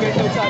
get no time.